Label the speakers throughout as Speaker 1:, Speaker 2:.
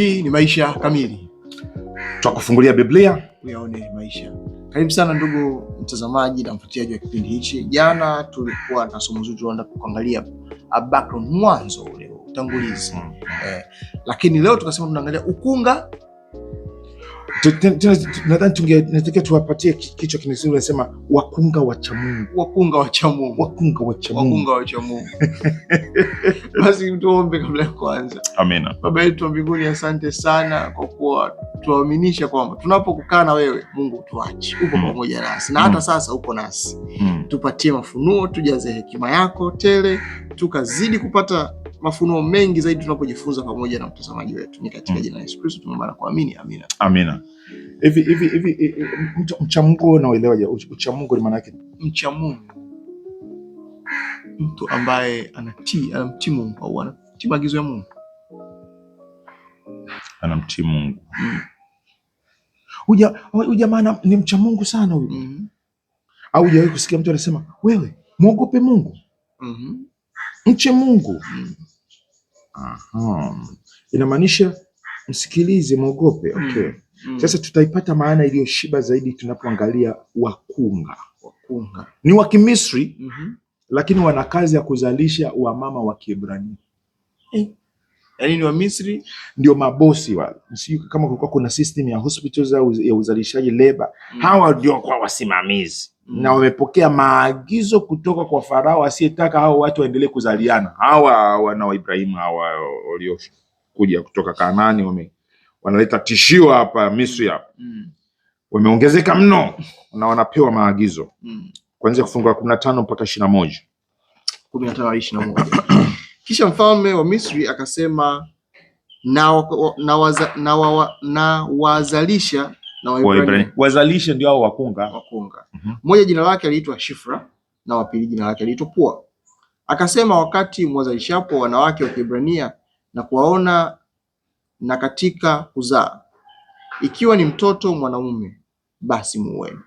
Speaker 1: Hii ni Maisha Kamili,
Speaker 2: twakufungulia Biblia
Speaker 1: uyaone maisha. Karibu sana ndugu mtazamaji na mfuatiliaji wa kipindi hichi. Jana tulikuwa na somo zuri, tunaenda kuangalia background, mwanzo ule utangulizi, mm-hmm. eh, lakini leo tukasema tunaangalia ukunga
Speaker 2: nadhani tunatakiwa tuwapatie kichwa kinasema nasema wakunga wa chamungu
Speaker 1: wakunga wa cha
Speaker 2: wakunga wa cha
Speaker 1: wakunga wa cha Basi tuombe kabla ya kuanza. Amina. Baba yetu wa mbinguni, asante sana kwa kuwa tuaminisha kwamba tunapokukaa na wewe Mungu utuache upo mm. pamoja mm. nasi na hata mm. sasa uko nasi mm. tupatie mafunuo, tujaze hekima yako tele, tukazidi kupata mafunuo mengi zaidi tunapojifunza pamoja na mtazamaji wetu. Ni katika mm. jina la Yesu Kristo tunaomba na kuamini,
Speaker 2: amina, amina. Hivi hivi hivi, eh, eh, mcha Mungu Je, Mcha Mungu ni maana yake,
Speaker 1: mcha Mungu mtu ambaye anatii, anamtii Mungu au anatii maagizo ya Mungu,
Speaker 2: anamtii Mungu mm. huyu jamaa ni mcha Mungu sana huyu. Mm-hmm. Au hujawahi kusikia mtu anasema wewe muogope Mungu? mm -hmm. Mche Mungu. Aha. Inamaanisha msikilize, mwogope. Mm, okay. Mm. Mm. Sasa tutaipata maana iliyoshiba zaidi tunapoangalia wakunga. Wakunga ni wa Kimisri mm -hmm. lakini wana kazi ya kuzalisha wamama wa Kiebrania
Speaker 1: eh. Yani ni wa Misri
Speaker 2: ndio mabosi wale. Kama kulikuwa kuna system ya hospitals ya uzalishaji leba mm. hawa ndio kwa wasimamizi na wamepokea maagizo kutoka kwa Farao asiyetaka hao watu waendelee kuzaliana. Hawa wana wa Ibrahimu hawa waliokuja kutoka Kanaani wame, wanaleta tishio hapa Misri hapa mm. wameongezeka mno na wanapewa maagizo mm. kuanzia kufungu la kumi na tano mpaka ishirini na moja
Speaker 1: kumi na tano ishirini na moja Kisha mfalme wa Misri akasema na, na, na, na wazalisha
Speaker 2: na Waibrania.
Speaker 1: Wazalishi ndio hao wakunga. Wakunga. Mm -hmm. Mmoja jina lake aliitwa Shifra na wa pili jina lake aliitwa Pua. Akasema wakati mwazalishapo wanawake wa Kiebrania na kuwaona na katika kuzaa, ikiwa ni mtoto mwanaume basi muweni,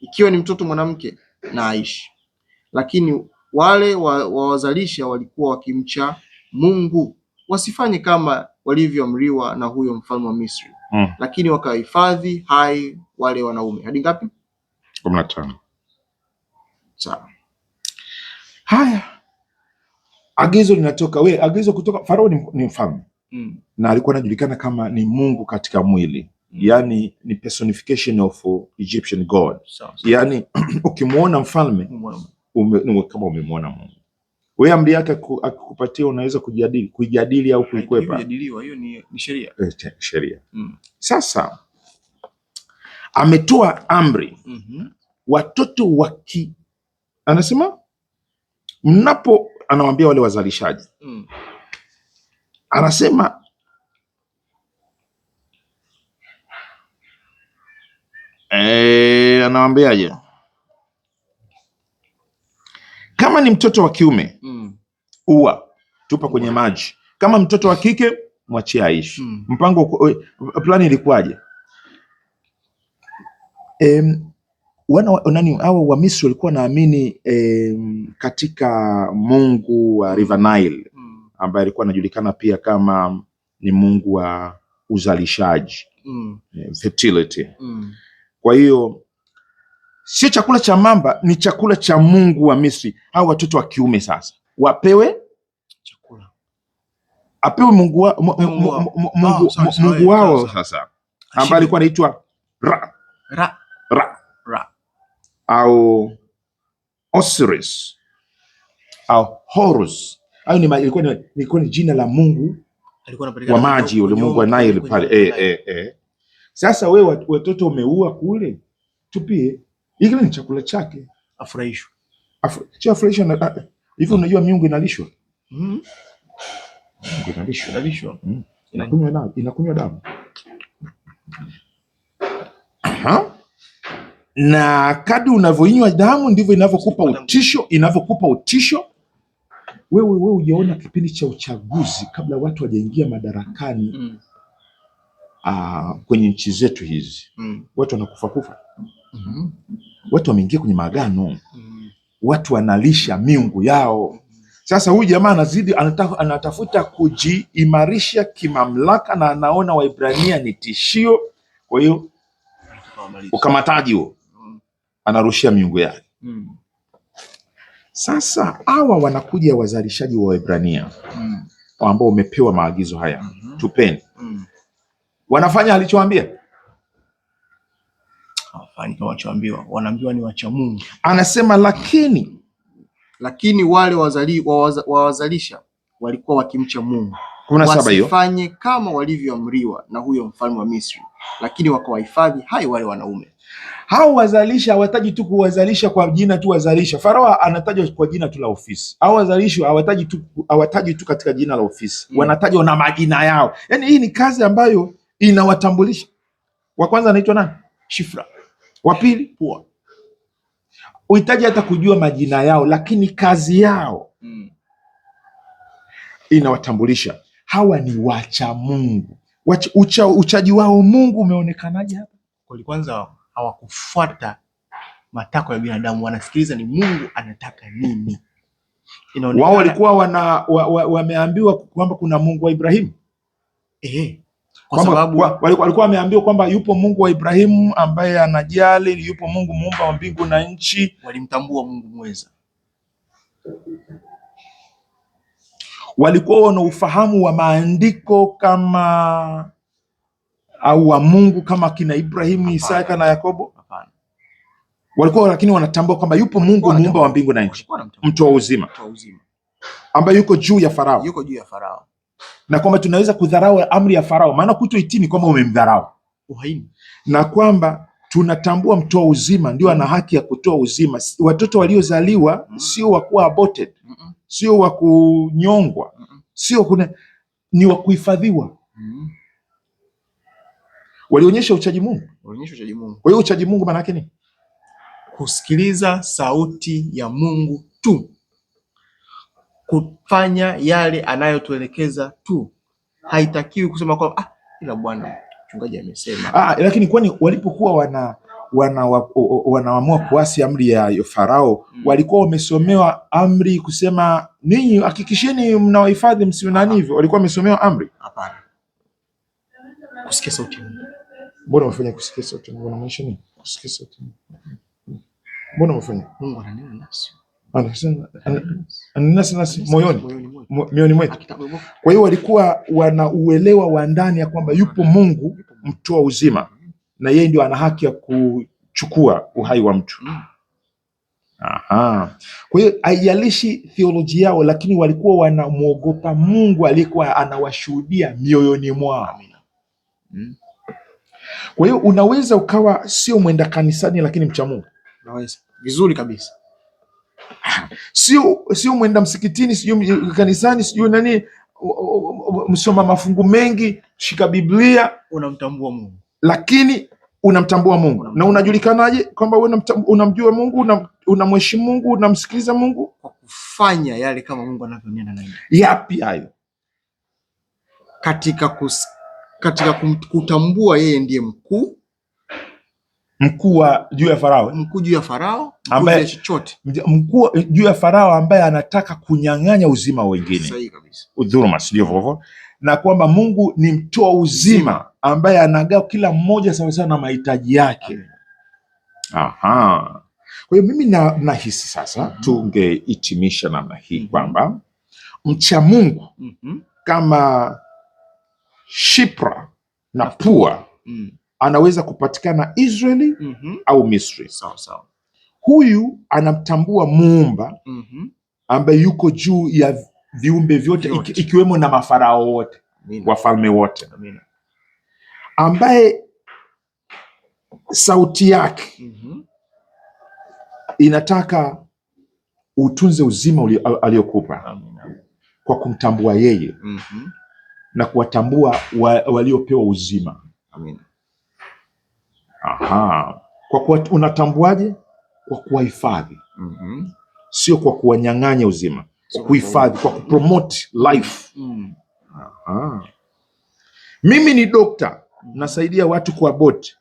Speaker 1: ikiwa ni mtoto mwanamke na aishi. Lakini wale wawazalisha walikuwa wakimcha Mungu, wasifanye kama walivyoamriwa na huyo mfalme wa Misri, mm. lakini wakahifadhi hai wale wanaume hadi ngapi? kumi na tano. Sawa.
Speaker 2: Haya, agizo linatoka we, agizo kutoka Farao ni, ni mfalme mm. na alikuwa anajulikana kama ni Mungu katika mwili mm. yani ni personification of Egyptian God. Sawa. Yani ukimwona mfalme ume, kama umemwona Mungu wewe amri yake akikupatia unaweza kujadili kuijadili au kuikwepa.
Speaker 1: Kujadiliwa hiyo ni, ni sheria.
Speaker 2: E, sheria. Mm. Sasa ametoa amri mm -hmm. Watoto waki anasema mnapo, anawaambia wale wazalishaji mm. Anasema e, eh, anawaambiaje? Kama ni mtoto wa kiume mm. ua tupa kwenye maji. Kama mtoto wa kike mwachie aishi. mm. Mpango plani ilikuwaje? Em, wana nani hao wa Misri walikuwa naamini em, katika Mungu wa River Nile mm. ambaye alikuwa anajulikana pia kama ni Mungu wa uzalishaji mm. fertility mm. kwa hiyo sio chakula cha mamba, ni chakula cha Mungu wa Misri. Hao watoto wa kiume sasa wapewe chakula, apewe Mungu wao oh, Mungu wao sasa, ambaye alikuwa anaitwa Ra Ra Ra Ra au Osiris au Horus. Hayo ni ilikuwa ni, ilikuwa ni jina la Mungu wa maji ule Mungu wa Nile pale. Eh, eh, eh. Sasa wewe watoto umeua kule, tupie hiki ni chakula chake afurahishwe. Afurahishwe afurahishwe na ah, hivi unajua miungu inalishwa? Mm. Miungu inalishwa. Inalishwa. Mm. Inakunywa damu, inakunywa damu. Aha. Na kadri unavyoinywa damu ndivyo inavyokupa utisho, inavyokupa utisho wewe wewe ujaona kipindi cha uchaguzi kabla watu wajaingia madarakani Mm uh, kwenye nchi zetu hizi mm. watu wanakufa kufa mm -hmm. watu wameingia kwenye maagano mm. watu wanalisha miungu yao. Sasa huyu jamaa anazidi anatafuta, anatafuta kujiimarisha kimamlaka na anaona Waibrania ni tishio, kwa hiyo ukamataji huo anarushia miungu yake mm. Sasa hawa wanakuja wazalishaji wa waibrania mm. ambao wamepewa maagizo haya mm -hmm. tupeni mm wanafanya alichoambia
Speaker 1: wachoambiwa wanaambiwa ni wacha Mungu.
Speaker 2: Anasema lakini
Speaker 1: lakini wale wawazalisha wawaza, wawaza walikuwa wakimcha Mungu, kuna saba hiyo, wasifanye kama walivyoamriwa na huyo mfalme wa Misri, lakini wakawahifadhi hai wale wanaume hao. Wazalisha hawataji tu kuwazalisha kwa jina tu wazalisha. Farao anatajwa kwa jina tu la ofisi, au wazalishwa hawataji tu hawataji tu katika jina la ofisi mm. wanatajwa na majina yao, yaani hii ni kazi ambayo inawatambulisha. Wa kwanza anaitwa nani? Shifra. Wa pili Pua. Uhitaji hata kujua majina yao, lakini kazi yao mm. inawatambulisha. Hawa ni wacha Mungu. Wacha, ucha, uchaji wao Mungu umeonekanaje hapa? Kwa kwanza hawakufuata matakwa ya binadamu, wanasikiliza ni Mungu anataka nini.
Speaker 2: wao walikuwa wana wameambiwa wa, wa kwamba kuna Mungu wa Ibrahimu. Ehe kwa sababu walikuwa wameambiwa kwamba yupo Mungu wa Ibrahimu ambaye anajali, yupo Mungu muumba wa mbingu na nchi.
Speaker 1: Walimtambua Mungu mweza,
Speaker 2: walikuwa wana ufahamu wa maandiko kama au wa Mungu kama kina Ibrahimu, Isaka na Yakobo. Hapana, walikuwa lakini wanatambua kwamba yupo Mungu muumba wa mbingu na nchi, mtu wa uzima, ambaye yuko juu ya Farao,
Speaker 1: yuko juu ya Farao
Speaker 2: na kwamba tunaweza kudharau amri ya Farao, maana kutoitii ni kwamba umemdharau, uhaini, na kwamba tunatambua mtoa uzima ndio ana haki ya kutoa uzima. Watoto waliozaliwa sio wa kuwa aborted, sio wa kunyongwa, sio kuna, ni wa kuhifadhiwa. Walionyesha uchaji Mungu,
Speaker 1: walionyesha uchaji Mungu.
Speaker 2: Kwa hiyo uchaji Mungu maana yake ni
Speaker 1: kusikiliza sauti ya Mungu tu kufanya yale anayotuelekeza tu, haitakiwi kusema kwamba ah, ila bwana mchungaji amesema
Speaker 2: ah. Lakini kwani walipokuwa wana wanaamua wana kuasi amri ya Farao mm. walikuwa wamesomewa amri kusema ninyi hakikisheni mnawahifadhi msiwe nani hivyo? Walikuwa wamesomewa amri?
Speaker 1: Hapana, kusikia sauti.
Speaker 2: Mbona umefanya kusikia sauti? Mbona umefanya?
Speaker 1: Mungu ananena nasi
Speaker 2: ananasi nasi moyoni mwetu. Kwa hiyo walikuwa wana uelewa wa ndani ya kwamba yupo Mungu mtoa uzima, na yeye ndio ana haki ya kuchukua uhai wa mtu. Aha. Kwa hiyo haijalishi theolojia yao, lakini walikuwa wanamwogopa Mungu aliyekuwa anawashuhudia mioyoni mwao. Hmm. Kwa hiyo unaweza ukawa sio mwenda kanisani, lakini mcha Mungu.
Speaker 1: Unaweza. Vizuri kabisa
Speaker 2: sio sio mwenda msikitini, sio kanisani, sio nani, msoma mafungu mengi, shika Biblia,
Speaker 1: unamtambua Mungu.
Speaker 2: Lakini unamtambua Mungu Na unajulikanaje kwamba wewe unamjua Mungu, unamheshimu Mungu, unamsikiliza Mungu? Kwa
Speaker 1: kufanya yale kama Mungu anavyonena naye.
Speaker 2: Yapi hayo?
Speaker 1: Katika kus, katika kutambua yeye ndiye mkuu
Speaker 2: mkuu juu ya Farao,
Speaker 1: mkuu juu ya Farao ambaye chochote,
Speaker 2: mkuu juu ya Farao ambaye anataka kunyang'anya uzima wengine. Sahihi dhuluma, sio hivyo? Na kwamba Mungu ni mtoa uzima ambaye anagawa kila mmoja sawasawa na mahitaji yake. Aha. Kwa hiyo mimi na, nahisi sasa mm -hmm. tungehitimisha namna hii mm -hmm. kwamba mcha Mungu mm -hmm. kama shipra na pua mm -hmm anaweza kupatikana Israeli mm -hmm. au Misri sawa sawa. Huyu anamtambua muumba mm -hmm. ambaye yuko juu ya viumbe vyote iki, ikiwemo na mafarao wote wafalme wote Amina. ambaye sauti yake mm -hmm. inataka utunze uzima aliyokupa kwa kumtambua yeye mm -hmm. na kuwatambua wa, waliopewa uzima Amina. Aha. Kwa kuwa unatambuaje? Kwa kuwahifadhi mm -hmm. Sio kwa kuwanyang'anya uzima, kwa kuhifadhi, kwa kupromote life mm. Aha. Mimi ni dokta mm. nasaidia watu kwa boti,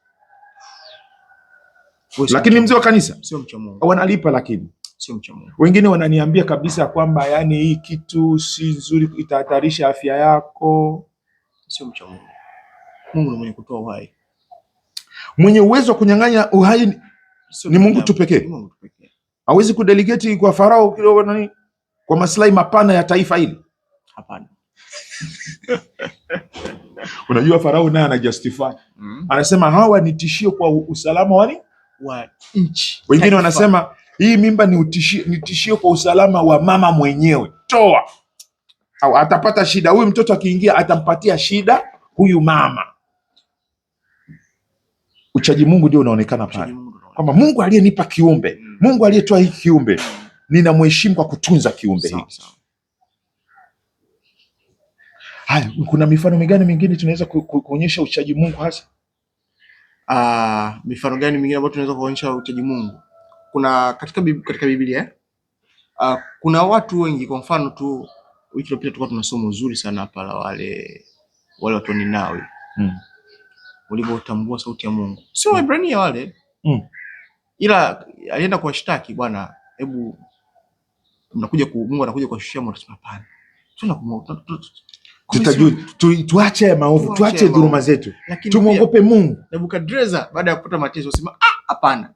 Speaker 2: lakini mzee wa kanisa
Speaker 1: sio mcha Mungu,
Speaker 2: wanalipa, lakini sio mcha Mungu. wengine wananiambia kabisa kwamba yani hii kitu si nzuri, itahatarisha afya yako.
Speaker 1: Sio mcha Mungu. Mungu ndiye mwenye kutoa uhai.
Speaker 2: Mwenye uwezo wa kunyang'anya uhai ni, so, ni Mungu tu pekee. Hawezi kudelegeti kwa Farao kidogo nani, kwa maslahi mapana ya taifa hili. Hapana. Unajua Farao naye justify. mm. Anasema hawa ni tishio kwa usalama wani
Speaker 1: wa nchi.
Speaker 2: Wengine wanasema hii mimba ni, utishio, ni tishio kwa usalama wa mama mwenyewe. Toa au atapata shida huyu mtoto, akiingia atampatia shida huyu mama uchaji Mungu ndio unaonekana pale, kwamba Mungu aliyenipa kiumbe, mm. Mungu aliyetoa hii kiumbe, mm. ninamheshimu kwa kutunza kiumbe hiki. Haya, kuna mifano migani mingine tunaweza kuonyesha uchaji Mungu hasa?
Speaker 1: Ah, mifano gani mingine ambayo tunaweza kuonyesha uchaji Mungu? Kuna katika katika Biblia uh, kuna watu wengi. Kwa mfano tu, wiki iliyopita tulikuwa tunasoma uzuri sana hapa la wale wale watu wa Ninawi hmm ulivyotambua sauti ya Mungu, sio mm. Waebrania wale mm. Ila alienda kuwashtaki, bwana, hebu mnakuja ku Mungu anakuja kuwashushia moto. Sema hapana,
Speaker 2: tuache maovu, tuache dhuluma zetu, tumwogope Mungu.
Speaker 1: Nebukadreza baada ya kupata mateso sema ah, hapana,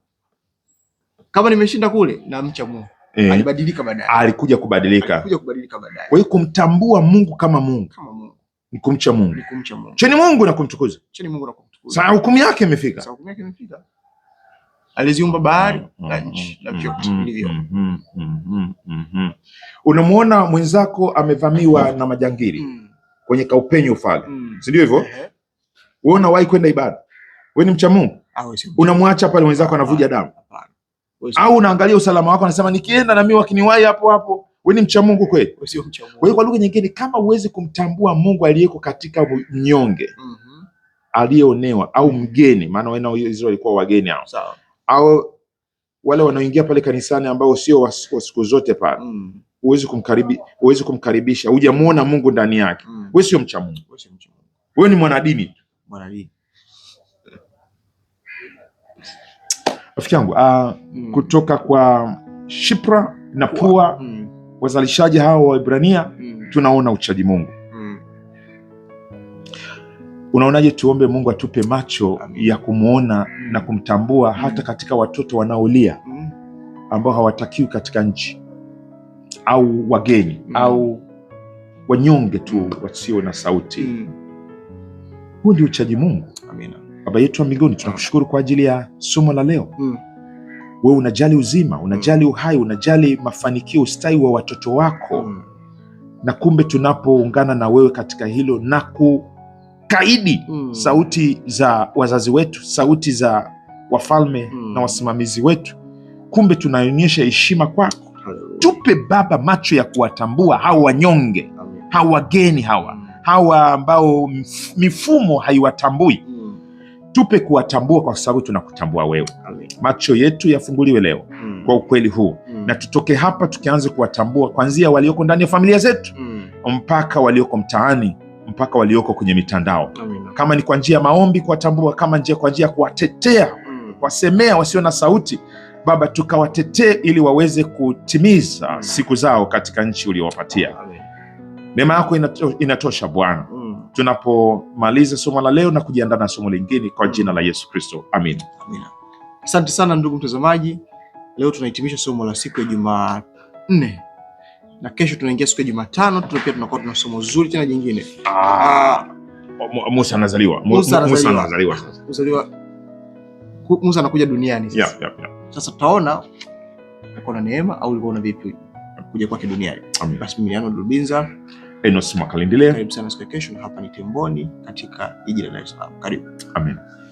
Speaker 1: kama nimeshinda kule na mcha Mungu eh. Alibadilika baadaye,
Speaker 2: alikuja kubadilika. Alikuja kubadilika baadaye. Kwa hiyo kumtambua Mungu kama Mungu, kama Mungu ni kumcha Mungu, cheni Mungu na kumtukuza. Saa hukumu yake imefika.
Speaker 1: Aliziumba bahari mm, na mm, nchi mm, na vyote vilivyo.
Speaker 2: Unamwona mwenzako amevamiwa na majangili kwenye kaupenyo ufaga, si ndio hivyo? Wewe unawahi kwenda ibada, wewe ni mcha Mungu, ah, unamwacha pale mwenzako anavuja damu, au unaangalia usalama wako, anasema nikienda na mimi wakiniwahi hapo hapo wewe ni mcha Mungu kweli? Sio mcha Mungu. Kwa hiyo kwa lugha nyingine, kama huwezi kumtambua Mungu aliyeko katika mnyonge mm -hmm. aliyeonewa au mgeni, maana wana wa Israeli walikuwa wageni hao, sawa, au wale wanaoingia pale kanisani ambao sio wa siku zote pale mm. huwezi kumkaribi, huwezi kumkaribisha, hujamuona Mungu ndani yake mm. wewe sio mcha Mungu, wewe ni mwanadini, mwanadini rafiki yangu uh, mm. kutoka kwa Shipra na Pua mm wazalishaji hao wa Ibrania mm. tunaona uchaji Mungu mm. Unaonaje? Tuombe Mungu atupe macho Amin. ya kumwona mm. na kumtambua mm. hata katika watoto wanaolia mm. ambao hawatakiwi katika nchi au wageni mm. au wanyonge tu wasio na sauti mm. Huu ndio uchaji Mungu. Amina. Baba yetu wa mbinguni, tunakushukuru kwa ajili ya somo la leo mm wewe unajali uzima, unajali mm. uhai, unajali mafanikio, ustawi wa watoto wako mm. na kumbe tunapoungana na wewe katika hilo na kukaidi mm. sauti za wazazi wetu, sauti za wafalme mm. na wasimamizi wetu, kumbe tunaonyesha heshima kwako. Tupe Baba macho ya kuwatambua hawa wanyonge, hawa wageni, hawa mm. hawa ambao mifumo haiwatambui mm. Tupe kuwatambua kwa sababu tunakutambua wewe. Macho yetu yafunguliwe leo mm. kwa ukweli huu mm. na tutoke hapa tukianza kuwatambua kwanzia walioko ndani ya familia zetu mm. mpaka walioko mtaani mpaka walioko kwenye mitandao Amen. Kama ni kwa njia ya maombi kuwatambua, kama njia kwa njia ya kuwatetea mm. kuwasemea wasio na sauti Baba, tukawatetee ili waweze kutimiza mm. siku zao katika nchi uliowapatia. Neema yako inato, inatosha Bwana mm tunapomaliza somo la leo na kujiandaa na somo lingine kwa jina la Yesu Kristo, amin.
Speaker 1: Asante sana ndugu mtazamaji, leo tunahitimisha somo la siku ya Jumanne na kesho tunaingia siku ya Jumatano, pia tunakuwa tuna somo zuri tena jingine.
Speaker 2: Ah, Musa anazaliwa,
Speaker 1: Musa anazaliwa, Musa anakuja duniani
Speaker 2: sasa. Yeah, yeah, yeah.
Speaker 1: Sasa tutaona kuna neema au ulikuwa na vipi kuja kwake duniani. Basi mimi ni Arnold Dulbinza
Speaker 2: Enos Mwakalindile.
Speaker 1: Karibu sana Spectation, hapa ni Temboni katika jiji la Dar es Salaam. Karibu.
Speaker 2: Amen.